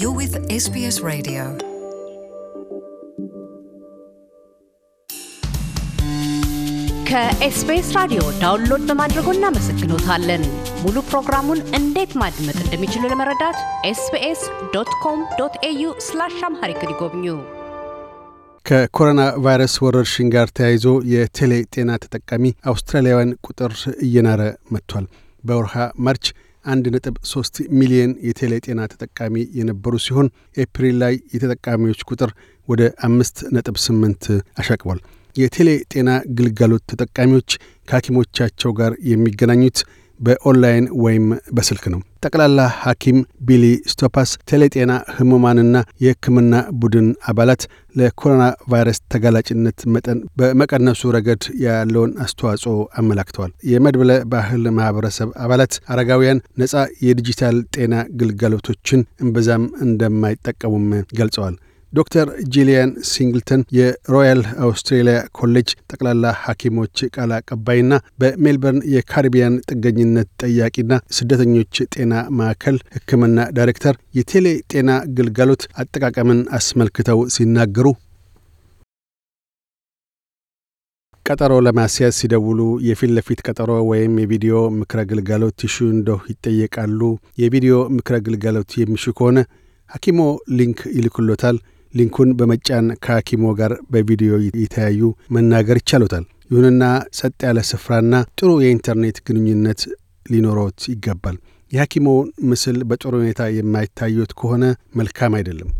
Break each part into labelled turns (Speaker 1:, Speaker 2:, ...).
Speaker 1: You're with SBS Radio. ከኤስቢኤስ ራዲዮ ዳውንሎድ በማድረጎ እናመሰግኖታለን። ሙሉ ፕሮግራሙን እንዴት ማድመጥ እንደሚችሉ ለመረዳት ኤስቢኤስ ዶት ኮም ዶት ኤዩ ስላሽ አምሃሪክ ይጎብኙ።
Speaker 2: ከኮሮና ቫይረስ ወረርሽኝ ጋር ተያይዞ የቴሌ ጤና ተጠቃሚ አውስትራሊያውያን ቁጥር እየናረ መጥቷል። በወርሃ ማርች 1.3 ሚሊየን ጤና ተጠቃሚ የነበሩ ሲሆን ኤፕሪል ላይ የተጠቃሚዎች ቁጥር ወደ 5.8 አሻቅቧል። የቴሌ ጤና ግልጋሎት ተጠቃሚዎች ከሐኪሞቻቸው ጋር የሚገናኙት በኦንላይን ወይም በስልክ ነው። ጠቅላላ ሐኪም ቢሊ ስቶፓስ ቴሌጤና ህሙማንና የህክምና ቡድን አባላት ለኮሮና ቫይረስ ተጋላጭነት መጠን በመቀነሱ ረገድ ያለውን አስተዋጽኦ አመላክተዋል። የመድብለ ባህል ማህበረሰብ አባላት አረጋውያን ነጻ የዲጂታል ጤና ግልጋሎቶችን እምብዛም እንደማይጠቀሙም ገልጸዋል። ዶክተር ጂሊያን ሲንግልተን የሮያል አውስትሬሊያ ኮሌጅ ጠቅላላ ሐኪሞች ቃል አቀባይና በሜልበርን የካሪቢያን ጥገኝነት ጠያቂና ስደተኞች ጤና ማዕከል ሕክምና ዳይሬክተር የቴሌ ጤና ግልጋሎት አጠቃቀምን አስመልክተው ሲናገሩ ቀጠሮ ለማስያዝ ሲደውሉ የፊት ለፊት ቀጠሮ ወይም የቪዲዮ ምክረ ግልጋሎት ይሹ እንደሁ ይጠየቃሉ። የቪዲዮ ምክረ ግልጋሎት የሚሹ ከሆነ ሐኪሞ ሊንክ ይልኩሎታል። ሊንኩን በመጫን ከሐኪሞ ጋር በቪዲዮ የተያዩ መናገር ይቻሉታል ይሁንና ጸጥ ያለ ስፍራና ጥሩ የኢንተርኔት ግንኙነት ሊኖሮት ይገባል። የሐኪሞ ምስል በጥሩ ሁኔታ የማይታዩት ከሆነ መልካም አይደለም።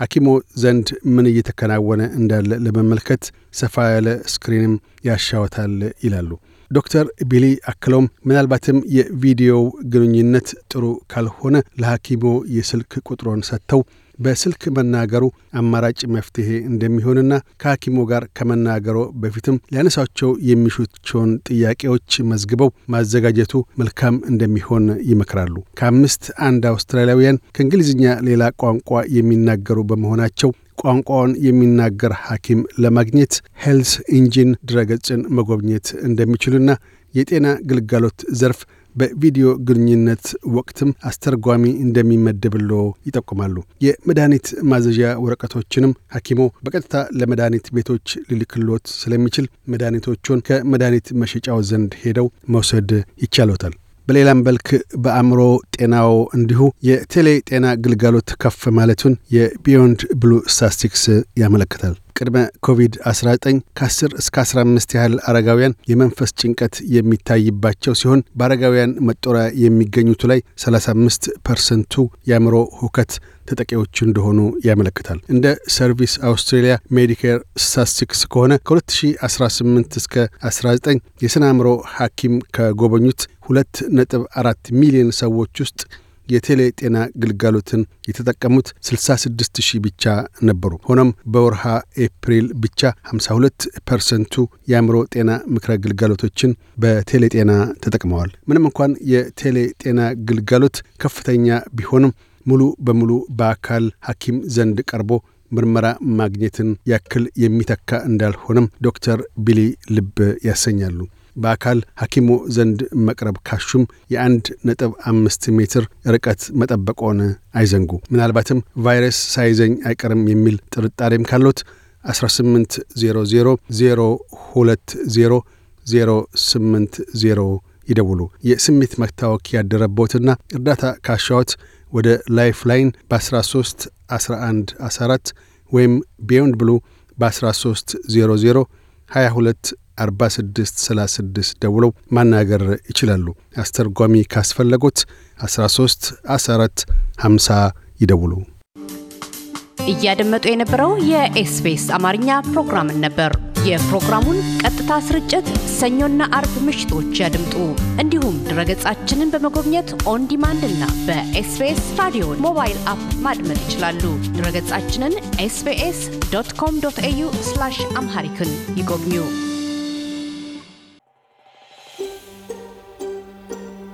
Speaker 2: ሐኪሞ ዘንድ ምን እየተከናወነ እንዳለ ለመመልከት ሰፋ ያለ ስክሪንም ያሻወታል ይላሉ። ዶክተር ቢሊ አክለውም ምናልባትም የቪዲዮው ግንኙነት ጥሩ ካልሆነ ለሐኪሞ የስልክ ቁጥሮን ሰጥተው በስልክ መናገሩ አማራጭ መፍትሄ እንደሚሆንና ከሐኪሞ ጋር ከመናገሮ በፊትም ሊያነሳቸው የሚሹቸውን ጥያቄዎች መዝግበው ማዘጋጀቱ መልካም እንደሚሆን ይመክራሉ። ከአምስት አንድ አውስትራሊያውያን ከእንግሊዝኛ ሌላ ቋንቋ የሚናገሩ በመሆናቸው ቋንቋውን የሚናገር ሐኪም ለማግኘት ሄልስ ኢንጂን ድረገጽን መጎብኘት እንደሚችሉና የጤና ግልጋሎት ዘርፍ በቪዲዮ ግንኙነት ወቅትም አስተርጓሚ እንደሚመደብሎ ይጠቁማሉ። የመድኃኒት ማዘዣ ወረቀቶችንም ሐኪሞ በቀጥታ ለመድኃኒት ቤቶች ሊልክሎት ስለሚችል መድኃኒቶቹን ከመድኃኒት መሸጫው ዘንድ ሄደው መውሰድ ይቻሎታል። በሌላም በልክ በአእምሮ ጤናው እንዲሁ የቴሌ ጤና ግልጋሎት ከፍ ማለቱን የቢዮንድ ብሉ ስታስቲክስ ያመለክታል። ቅድመ ኮቪድ-19 ከ10 እስከ 15 ያህል አረጋውያን የመንፈስ ጭንቀት የሚታይባቸው ሲሆን በአረጋውያን መጦሪያ የሚገኙቱ ላይ 35 ፐርሰንቱ የአእምሮ ሁከት ተጠቂዎች እንደሆኑ ያመለክታል። እንደ ሰርቪስ አውስትሬሊያ ሜዲኬር ስታስቲክስ ከሆነ ከ2018 እስከ 19 የስነ አእምሮ ሐኪም ከጎበኙት 2.4 ሚሊዮን ሰዎች ውስጥ የቴሌ ጤና ግልጋሎትን የተጠቀሙት 66 ሺህ ብቻ ነበሩ። ሆኖም በወርሃ ኤፕሪል ብቻ 52 ፐርሰንቱ የአእምሮ ጤና ምክረ ግልጋሎቶችን በቴሌ ጤና ተጠቅመዋል። ምንም እንኳን የቴሌ ጤና ግልጋሎት ከፍተኛ ቢሆንም ሙሉ በሙሉ በአካል ሐኪም ዘንድ ቀርቦ ምርመራ ማግኘትን ያክል የሚተካ እንዳልሆነም ዶክተር ቢሊ ልብ ያሰኛሉ። በአካል ሐኪሙ ዘንድ መቅረብ ካሹም የአንድ ነጥብ አምስት ሜትር ርቀት መጠበቆን አይዘንጉ። ምናልባትም ቫይረስ ሳይዘኝ አይቀርም የሚል ጥርጣሬም ካሎት 1800 ይደውሉ። የስሜት መታወክ ያደረቦትና እርዳታ ካሻዎት ወደ ላይፍ ላይን በ 131114 ወይም ቢዮንድ ብሉ በ1300 22 4636 ደውለው ማናገር ይችላሉ። አስተርጓሚ ካስፈለጉት 13 14 50 ይደውሉ።
Speaker 1: እያደመጡ የነበረው የኤስቢኤስ አማርኛ ፕሮግራምን ነበር። የፕሮግራሙን ቀጥታ ስርጭት ሰኞና አርብ ምሽቶች ያድምጡ። እንዲሁም ድረገጻችንን በመጎብኘት ኦን ዲማንድ እና በኤስቢኤስ ራዲዮ ሞባይል አፕ ማድመጥ ይችላሉ። ድረገጻችንን ኤስቢኤስ ዶት ኮም ዶት ኤዩ አምሃሪክን ይጎብኙ።